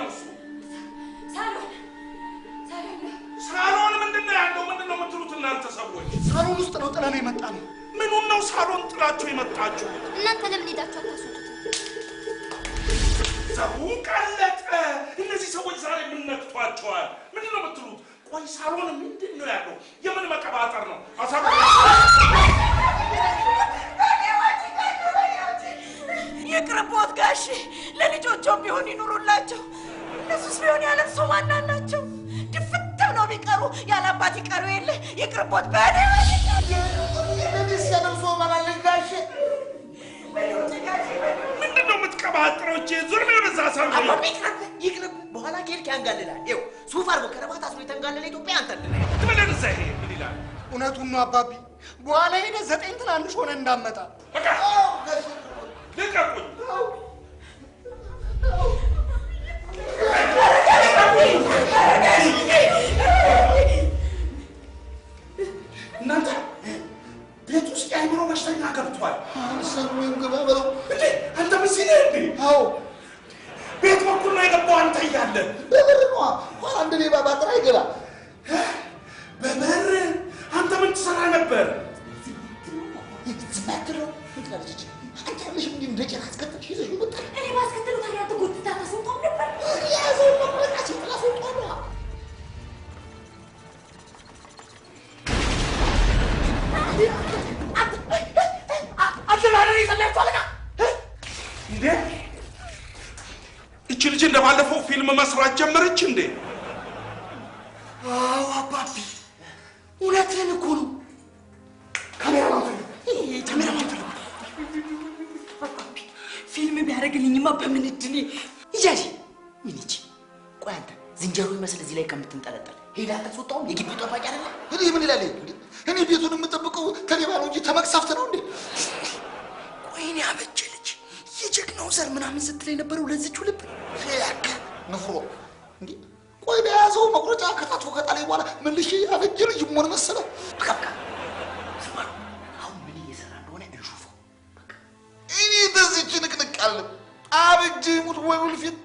ነው እሱ ሳሎን ሳሎን ምንድን ነው ያለው? ምንድን ነው የምትሉት እናንተ ሰዎች? ሳሎን ውስጥ ነው ጥለን የመጣ ነው። ምኑን ነው ሳሎን ጥላችሁ የመጣችሁ እናንተ? ለምን ሄዳችሁ አታስወጡት? ሰውን ቀለጠ። እነዚህ ሰዎች ዛሬ ምን ነክቷቸዋል? ምንድን ነው የምትሉት? ቆይ ሳሎን ምንድን ነው ያለው? የምን መቀባጠር ነው? አሳ ይቅርብዎት ለልጆቹም ቢሆን ይኑሩላቸው። እነሱስ ቢሆን ያለ እሱ ዋና ናቸው። ድፍት ብለው ቢቀሩ ያለ አባት ይቀሩ የለ ይቅርቦት በእኔ ነው የምትቀባጥረው? ዙር ነው በዛ ሰው ይቅርብ። በኋላ ኬልክ ያንጋልላል። ይኸው ሱፍ አድርጎ ከረባት አስሮ የተንጋለለ ኢትዮጵያ አንተ ትበለንዛ። ይሄ ምን ይላል? እውነቱን ነው አባቢ። በኋላ ሄደ ዘጠኝ ትናንሽ ሆነ እንዳመጣ ልቀቁኝ እናንተ ቤት ውስጥ የአይምሮ በሽተኛ ገብቷል። ሰሚን ግባ በለው እንዴ! አንተ ምስል እንዴ? አዎ ቤት በኩል ነው የገባው። አንተ እያለ በበር ነዋ። አንድ ሌባ ባጥር አይገባ በበር። አንተ ምን ትሰራ ነበር? ትናክረው ትላለች አንቺ ያለሽ ምንድን መኪና አስከተልሽ ይዘሽ ወጣ። እኔ ባስከተሉ ታዲያ ተጎትታ ተሰንቷም ነበር ያዘው ልጅ እንደባለፈው ፊልም መስራት ጀመረች እንዴ? እንዴ ቆይ በያዘው መቁረጫ ከታች ከጣለኝ በኋላ መልሼ ያበጀ ልጅ መሆን መሰለው። በቃ አሁን ምን እየሰራ እንደሆነ እንሹፈው። እኔ በዚች ንቅንቅ አለ አበጀ ሙት ወይ ውልፊት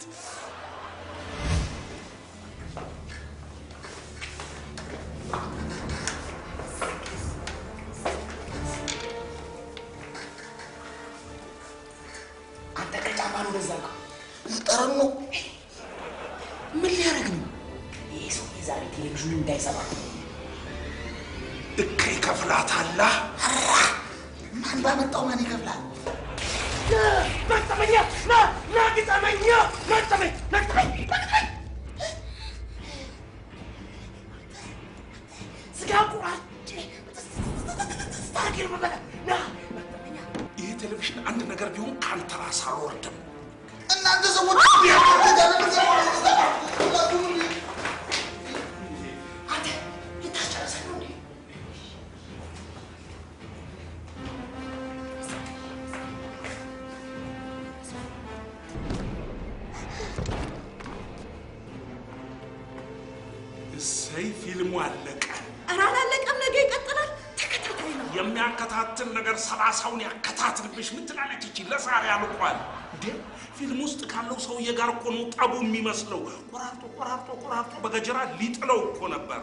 ያጠቡ የሚመስለው ቆራርጦ ቆራርጦ ቆራርጦ በገጀራ ሊጥለው እኮ ነበር።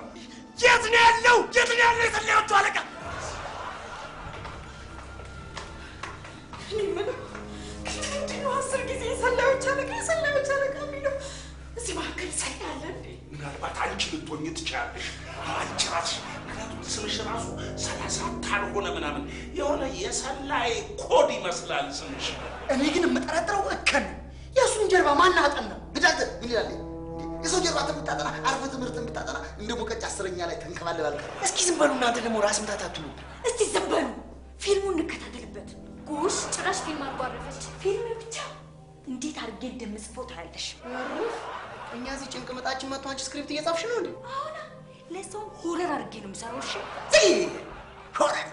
የት ነው ያለው? የት ነው ያለው? የሰላያችሁ አለቃ አስር ጊዜ የሰላዮች አለቃ የሰላዮች አለቃ የሚለው እዚህ መካከል እንዴ? ምናልባት አንቺ ልትሆኝ አንቺ ራስሽ ምክንያቱም ስምሽ ራሱ ሰላሳ ካልሆነ ምናምን የሆነ የሰላይ ኮድ ይመስላል ስምሽ። እኔ ግን የምጠረጥረው እከን የእሱን ጀርባ ማናጠን ነው። ብዳደር ምን ይላል? የሰው ጀርባ የምታጠና አርፈ ትምህርት የምታጠና እንደ ሙቀጭ አስረኛ ላይ ተንከባለባል። እስኪ ዝም በሉ እናንተ ደግሞ ራስ ምታት አትሉ። እስቲ ዝም በሉ ፊልሙን እንከታተልበት። ጎሽ ጭራሽ ፊልም አልጓረፈች። ፊልም ብቻ እንዴት አድርጌ እንደምጽፈው ታያለሽ። እኛ እዚህ ጭንቅመጣችን መጥቶ አንቺ ስክሪፕት እየጻፍሽ ነው እንዴ? አሁን ለሰው ሆረር አድርጌ ነው የምሰራው። እሺ ሆረር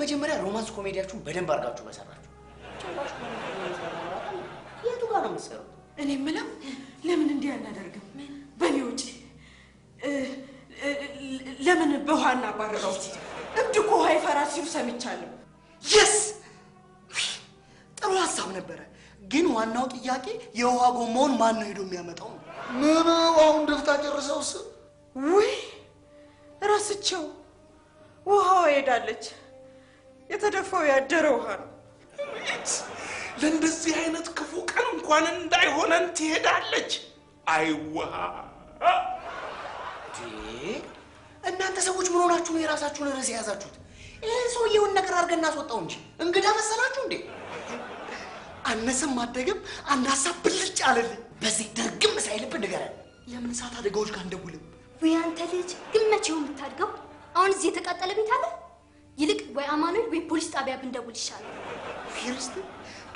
መጀመሪያ ሮማንስ ኮሜዲያችሁን በደንብ አድርጋችሁ በሰራችሁ የቱ ጋር ነው የምትሰሩት? እኔ የምለው ለምን እንዲህ አናደርግም? በኔ ውጪ ለምን በውሃ እናባረረው? እብድ እኮ ውሃ ይፈራ ሲሉ ሰምቻለሁ። የስ ጥሩ ሀሳብ ነበረ፣ ግን ዋናው ጥያቄ የውሃ ጎማውን ማን ነው ሄዶ የሚያመጣው ነው። ምን አሁን ደፍታ ጨርሰውስ? ውይ እረስቸው፣ ውሃዋ ሄዳለች። የተደፋው ያደረ ውሃ ነው። ለእንደዚህ አይነት ክፉ ቀን እንኳን እንዳይሆነን ትሄዳለች። አይዋ እናንተ ሰዎች ምን ሆናችሁ ነው የራሳችሁን ርዕስ የያዛችሁት? ይህን ሰውየውን ነገር አድርገን እናስወጣው እንጂ እንግዳ መሰላችሁ እንዴ? አነሰም አደገም አንድ ሀሳብ ብልጭ አለልኝ። በዚህ ድርግም ሳይልብን ንገረን። ለምን እሳት አደጋዎች ጋር እንደውልም። ወይ አንተ ልጅ ግን መቼው የምታድገው? አሁን እዚህ የተቃጠለ ቤት አለ። ይልቅ ወይ አማኑኤል ወይ ፖሊስ ጣቢያ ብንደውል ይሻላል። ፊርስት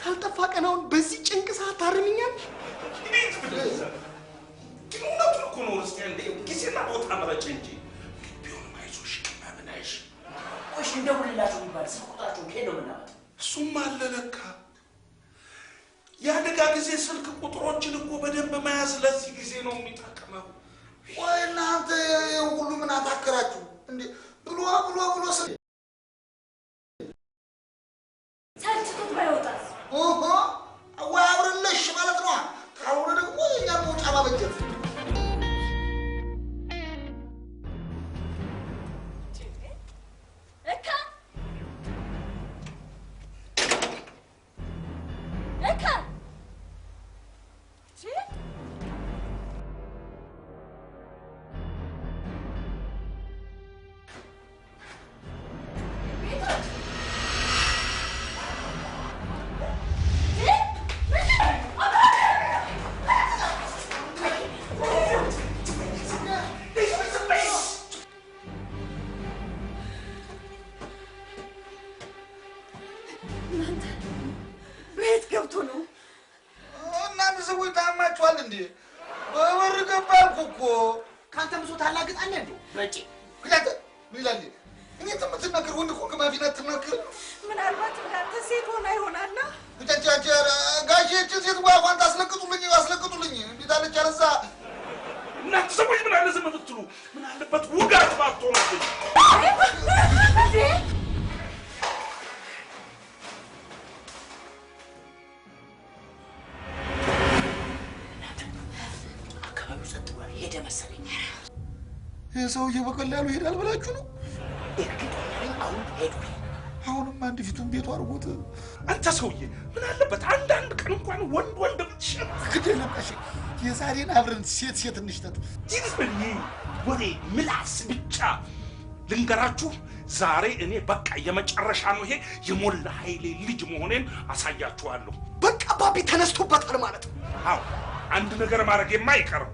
ካልጠፋ ቀናውን በዚህ ጭንቅ ሰዓት ታርምኛል እውነቱን እኮ ነው። ጊዜና ቦታ መረጭ እንጂ አይዞሽ የሚባል ስልክ ከየት ነው የምናመጣው? እሱም አለ ለካ የአደጋ ጊዜ ስልክ ቁጥሮችን እኮ በደንብ መያዝ ለዚህ ጊዜ ነው የሚጠቅመው። ወይ እናንተ ሁሉ ምን አታከራችሁ እንዴ? ብሎ ብሎ ብሎ ስ ሰልችቶት ባይወጣ Uhul! ሁለት ወር ሄደ መሰለኝ። ይህ ሰውዬ በቀላሉ ይሄዳል ብላችሁ ነው? እርግጠኛ አሁን ሄዱ። አሁንም አንድ ፊቱን ቤቱ አድርጎት። አንተ ሰውዬ ምን አለበት አንዳንድ ቀን እንኳን ወንድ ወንድ ብትሸጥ ግድ የለሽ። የዛሬን አብረን ሴት ሴት እንሽጠት። ይህን ወሬ ምላስ ብቻ ልንገራችሁ። ዛሬ እኔ በቃ የመጨረሻ ነው። ይሄ የሞላ ኃይሌ ልጅ መሆኔን አሳያችኋለሁ። በቃ ባቢ ተነስቶበታል ማለት ነው። አዎ አንድ ነገር ማድረግ የማይቀርም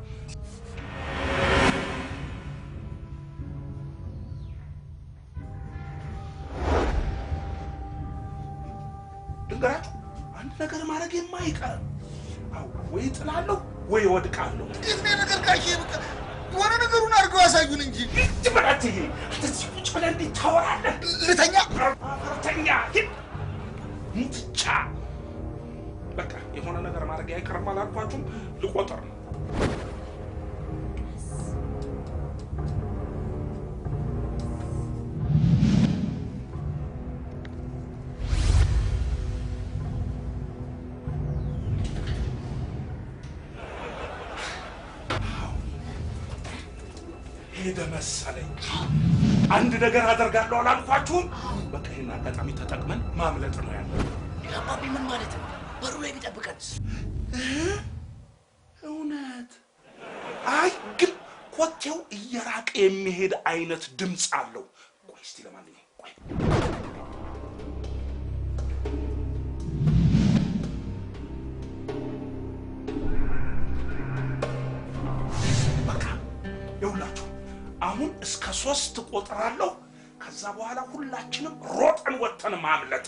አይቀርም። ወይ ጥላለሁ ወይ ወድቃለሁ። እንዴት ነገር ጋሼ? በቃ ነገሩን አድርገው ያሳዩን እንጂ ሂድ በል አትዬ። እንደዚህ ቁጭ ብለህ እንዴት ታወራለህ? ልተኛ ተኛ። ሂድ ሙትጫ። በቃ የሆነ ነገር ማድረግ አይቀርም። አላልኳችሁም? ልቆጥር ነው ነገር አደርጋለሁ አላልኳችሁም? በቃ ይህን አጋጣሚ ተጠቅመን ማምለጥ ነው ያለ። አባቢ ምን ማለት ነው? በሩ ላይ ቢጠብቀን እውነት? አይ ግን ኮቴው እየራቀ የሚሄድ አይነት ድምፅ አለው። ቆይ እስቲ ለማንኛውም ቆይ አሁን እስከ ሶስት ቆጥራለሁ። ከዛ በኋላ ሁላችንም ሮጠን ወጥተን ማምለጥ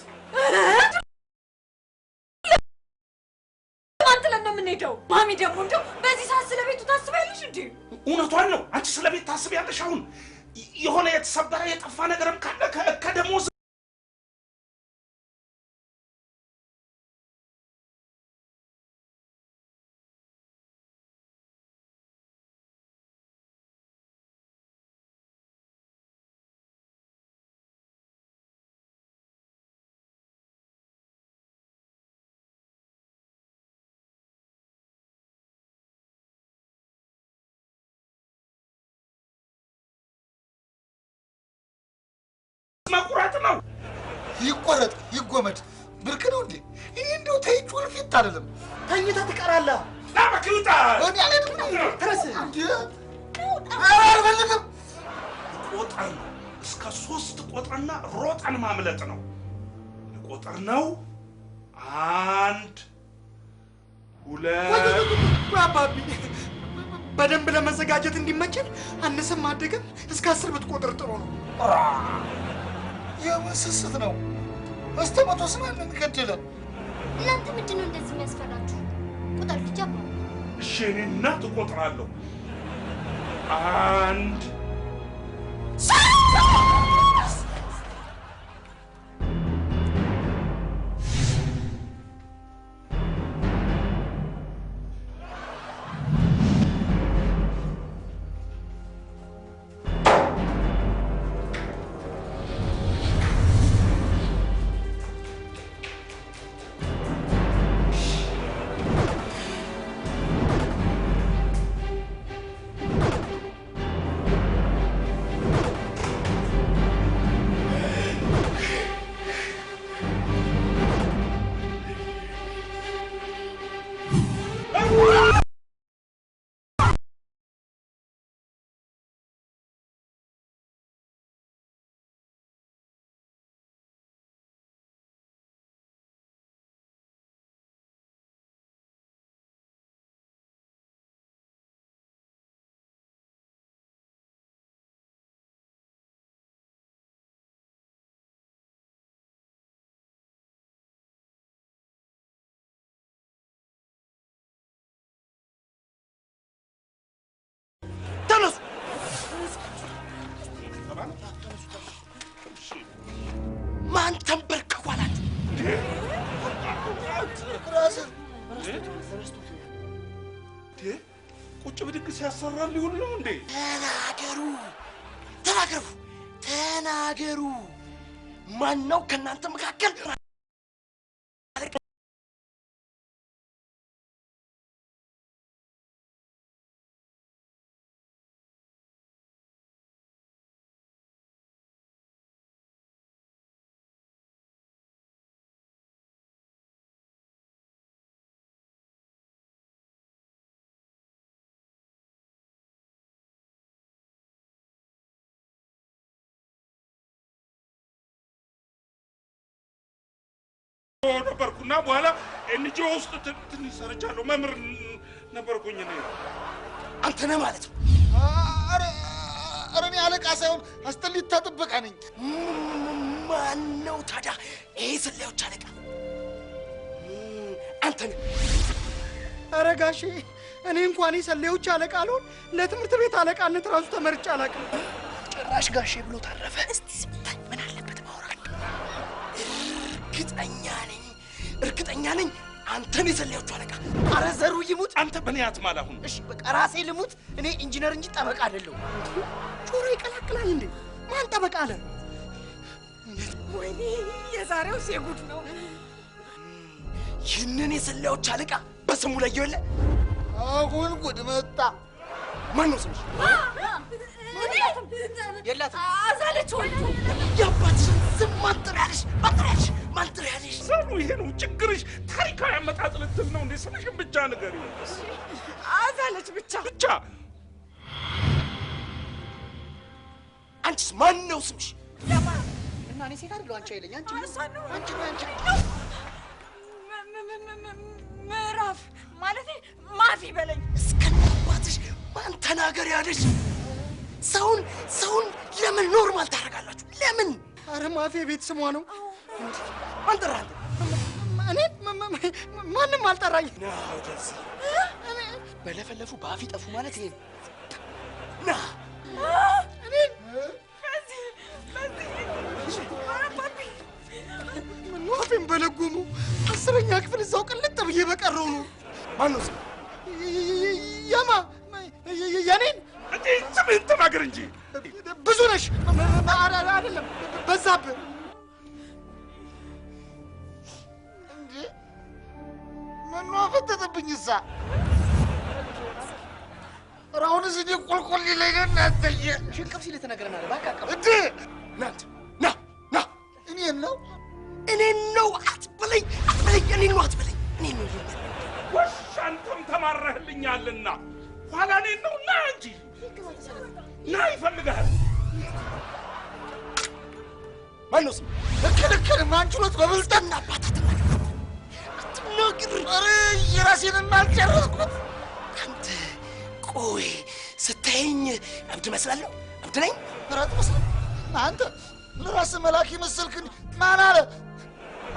አንጥለን ነው የምንሄደው። ማሚ ደግሞ እንደው በዚህ ሰዓት ስለ ቤቱ ታስቢያለሽ እንዴ? እውነቷን ነው። አንቺ ስለ ቤት ታስቢያለሽ? አሁን የሆነ የተሰበረ የጠፋ ነገርም ካለ ከደሞዝ ይቆረጥ ይጎመድ ብርክ ነው እንዴ? ይህ እንደው ተይጭ ወልፊት አይደለም ተኝታ ትቀራለ ናበክልጣ ቆጠር እስከ ሶስት ቆጠርና ሮጠን ማምለጥ ነው። ቆጠር ነው አንድ ሁለት በደንብ ለመዘጋጀት እንዲመችል አነሰም አደገም እስከ አስር ብትቆጥር ጥሩ ነው። የምስስት ነው። እስተ መቶ ስማን እንገደለን። እናንተ ምንድን ነው እንደዚህ የሚያስፈራችሁ? ቁጠር ልጃ። እሺ እኔ እናት እቆጥራለሁ። አንድ ተነሱ። ማን ተንበርከኩ አላት? ቁጭ ብድግ ሲያሰራል ይሁን ነው እንዴ? ተናገሩ ተናገሩ ተናገሩ። ማን ነው ከእናንተ መካከል ነበርኩና በኋላ እንጂ ውስጥ ትንሽ ሰርቻለሁ። መምህር ነበርኩኝ እኔ። አንተ ነህ ማለት ነው? ኧረ እኔ አለቃ ሳይሆን አስተሊታ ጥበቃ ነኝ። ማን ነው ታዲያ ይሄ ሰላዮች አለቃ? አንተ ነህ? ኧረ ጋሼ እኔ እንኳን የሰላዮች አለቃ አልሆን ለትምህርት ቤት አለቃነት ራሱ ተመርጬ አላውቅም። ጭራሽ ጋሼ ብሎ ታረፈ። እስቲ ስምታኝ ምን አለበት ማውራት እርግጠኛ ነኝ እርግጠኛ ነኝ አንተን የሰለያችሁ አለቃ። አረ ዘሩ ይሙት፣ አንተ በእኔ አትማል። አሁን እሺ በቃ ራሴ ልሙት። እኔ ኢንጂነር እንጂ ጠበቃ አይደለሁ። ጆሮ ይቀላቅላል እንዴ? ማን ጠበቃ አለ? ወይኔ የዛሬው ሴጉድ ነው። ይህንን የሰላዮች አለቃ በስሙ ላይ የለ። አሁን ጉድ መጣ። ማን ነው ስምሽ? የላትም። አዛለች ወልዱ የአባትሽን ስም ማንጠሪያለሽ ማንጠሪያለሽ ማንጠሪያለሽ። ሰሩ ይሄ ነው ችግርሽ። ታሪካዊ ምዕራፍ ማለት ማፊ በለኝ። እስከነ አባትሽ ማን ተናገር ያለሽ ሰውን ሰውን ለምን ኖርማል ታደርጋላችሁ? ለምን? አረ ማፌ ቤት ስሟ ነው። አልጠራህም? እኔ ማንም አልጠራኝ። በለፈለፉ በአፍ ይጠፉ ማለት ይሄ ና ማፌን በለጎሙ አስረኛ ክፍል እዛው ቅልጥ ብዬ በቀረው ነው። ማነው ያማ የኔን እንዴ ስምህን ተናገር እንጂ። ብዙ ነሽ። አይደለም በዛብህ። እዛ ቁልቁል ይለኛል። እናንተዬ ሲል እባክህ እንዴ እናንተ እብድ እመስላለሁ? እብድ ነኝ? ኧረ አትመስልም። አንተ ምን እራስህ መልአክ ማን አለ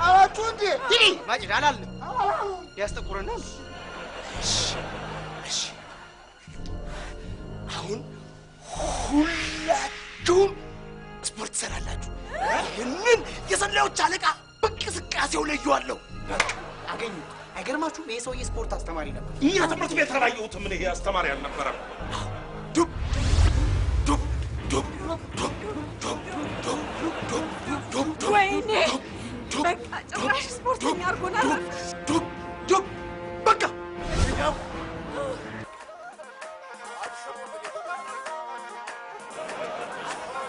አላችሁ እንዴ? ይህ ማጭድ አላለም ያስጠቁረናል። አሁን ሁላችሁም ስፖርት ትሰራላችሁ። ይህንን የሰላዮች አለቃ በእንቅስቃሴው ለየዋለሁ። አገኙ አይገርማችሁም? ይሄ ሰውዬ ስፖርት አስተማሪ ነበር። ከትምህርት ቤት ተባየሁትም። ይሄ አስተማሪ አልነበረም። ወይኔ በቃ ጭራሽ ስፖርተኛ አድርጎናል። በቃ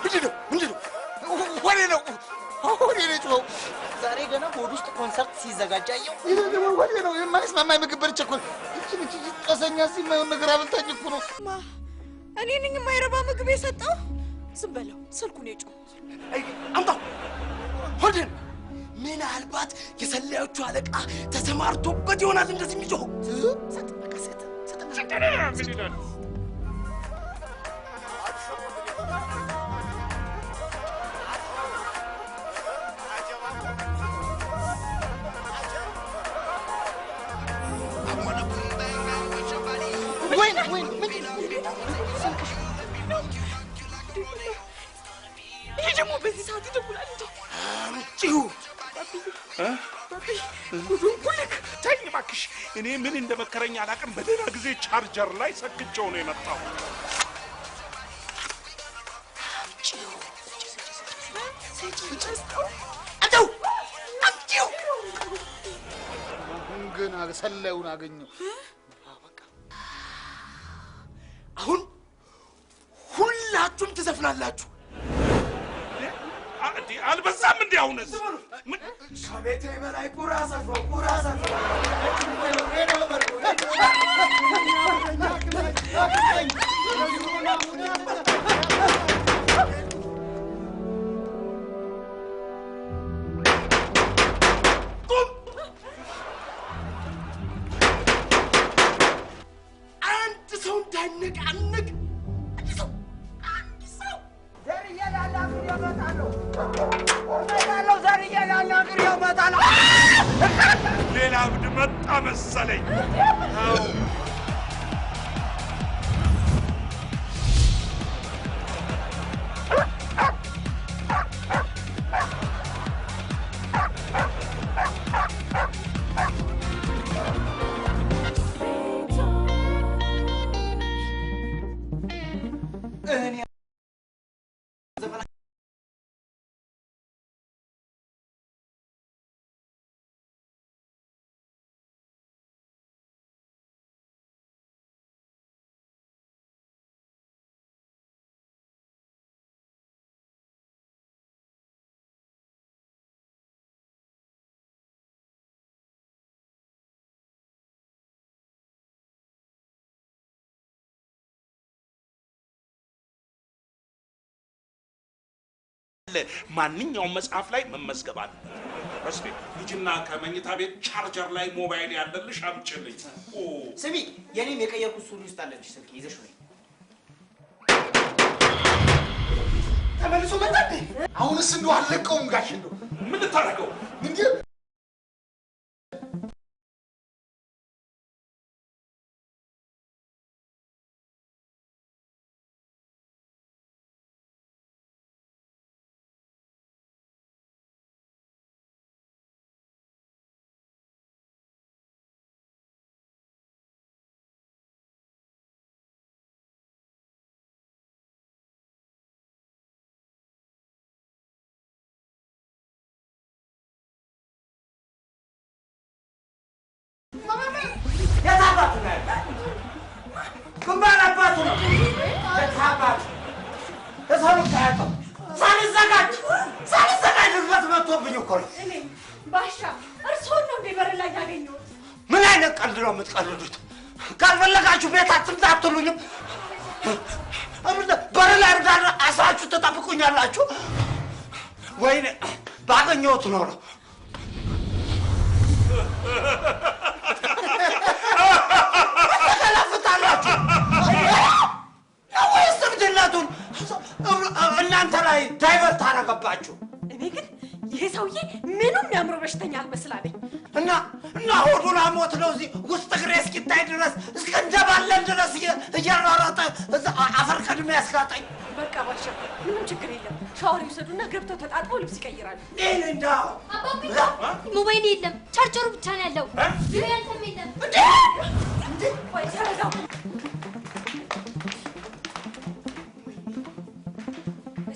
ምንድን ነው ምንድን ነው? ወሬ ነው ወሬ ነው ዛሬ ገና ሆድ ውስጥ ኮንሰርት ወሬ ነው የማይስማማኝ ምግብ በልቼ እኮ ነገር እኮ ነው። እኔ ነኝ የማይረባ ምግብ የሰጠው ዝም በለው፣ ስልኩን የጩ አምጣው፣ ሆልድን ምናልባት የሰላዮቹ አለቃ ተሰማርቶበት ይሆናል እንደዚህ የሚጮሁ ሰጥ በቃ ሰጥ ሰጥ وين وين وين ሰዓት ይደውላል። አምጪው ተኝ እባክሽ። እኔ ምን እንደመከረኝ አላውቅም። በደህና ጊዜ ቻርጀር ላይ ሰክቼው ነው የመጣው። አሁን ግን ሰላዩን አገኘው። አሁን ሁላችሁም ትዘፍናላችሁ። አሁንስ ከቤቴ በላይ ቁራ ሰፍሮ ቁራ ሰፍሮ ሬዲዮ ሌላ እብድ መጣ መሰለኝ። ማንኛውም መጽሐፍ ላይ መመዝገብ አለ። እስኪ ልጅና ከመኝታ ቤት ቻርጀር ላይ ሞባይል ያለልሽ አምጪልኝ። ስሚ፣ የኔም የቀየርኩት ሱሪ ውስጥ አለልሽ። ስልክ ይዘሽ ወይ ተመልሶ መጣ። አሁንስ እንደው አልለቀውም ጋሽ። እንደው ምን ልታደርገው እንዴ? ሳልዘጋጅ ሳልዘጋጅ ድንገት መጥቶብኝ እኮ ነው። ባሻ እርስዎን ነው እንደ በር ላይ ያገኘሁት። ምን አይነት ቀልድ ነው የምትቀልዱት? ካልፈለጋችሁ ቤት አትምጣ አትሉኝም? በር ላይ እርዳና አስራችሁ ትጠብቁኛላችሁ? ወይኔ ባገኘሁት ኖሮ በእናንተ ላይ ዳይቨርት አረገባችሁ። እኔ ግን ይሄ ሰውዬ ምኑም ያምሮ በሽተኛ አልመስላለኝ እና እና ሆዱን አሞት ነው እዚህ ውስጥ እግሬ እስኪታይ ድረስ እስከንደባለን ድረስ እየራራጠ አፈር ቀድሞ ያስጋጠኝ። በቃ ባሻ ምንም ችግር የለም። ሻወር ይውሰዱና ገብተው ተጣጥበው ልብስ ይቀይራሉ። ይህን እንዳ ሞባይል የለም ቻርጀሩ ብቻ ነው ያለው። ያንተም የለም እንዴ? እንዴ?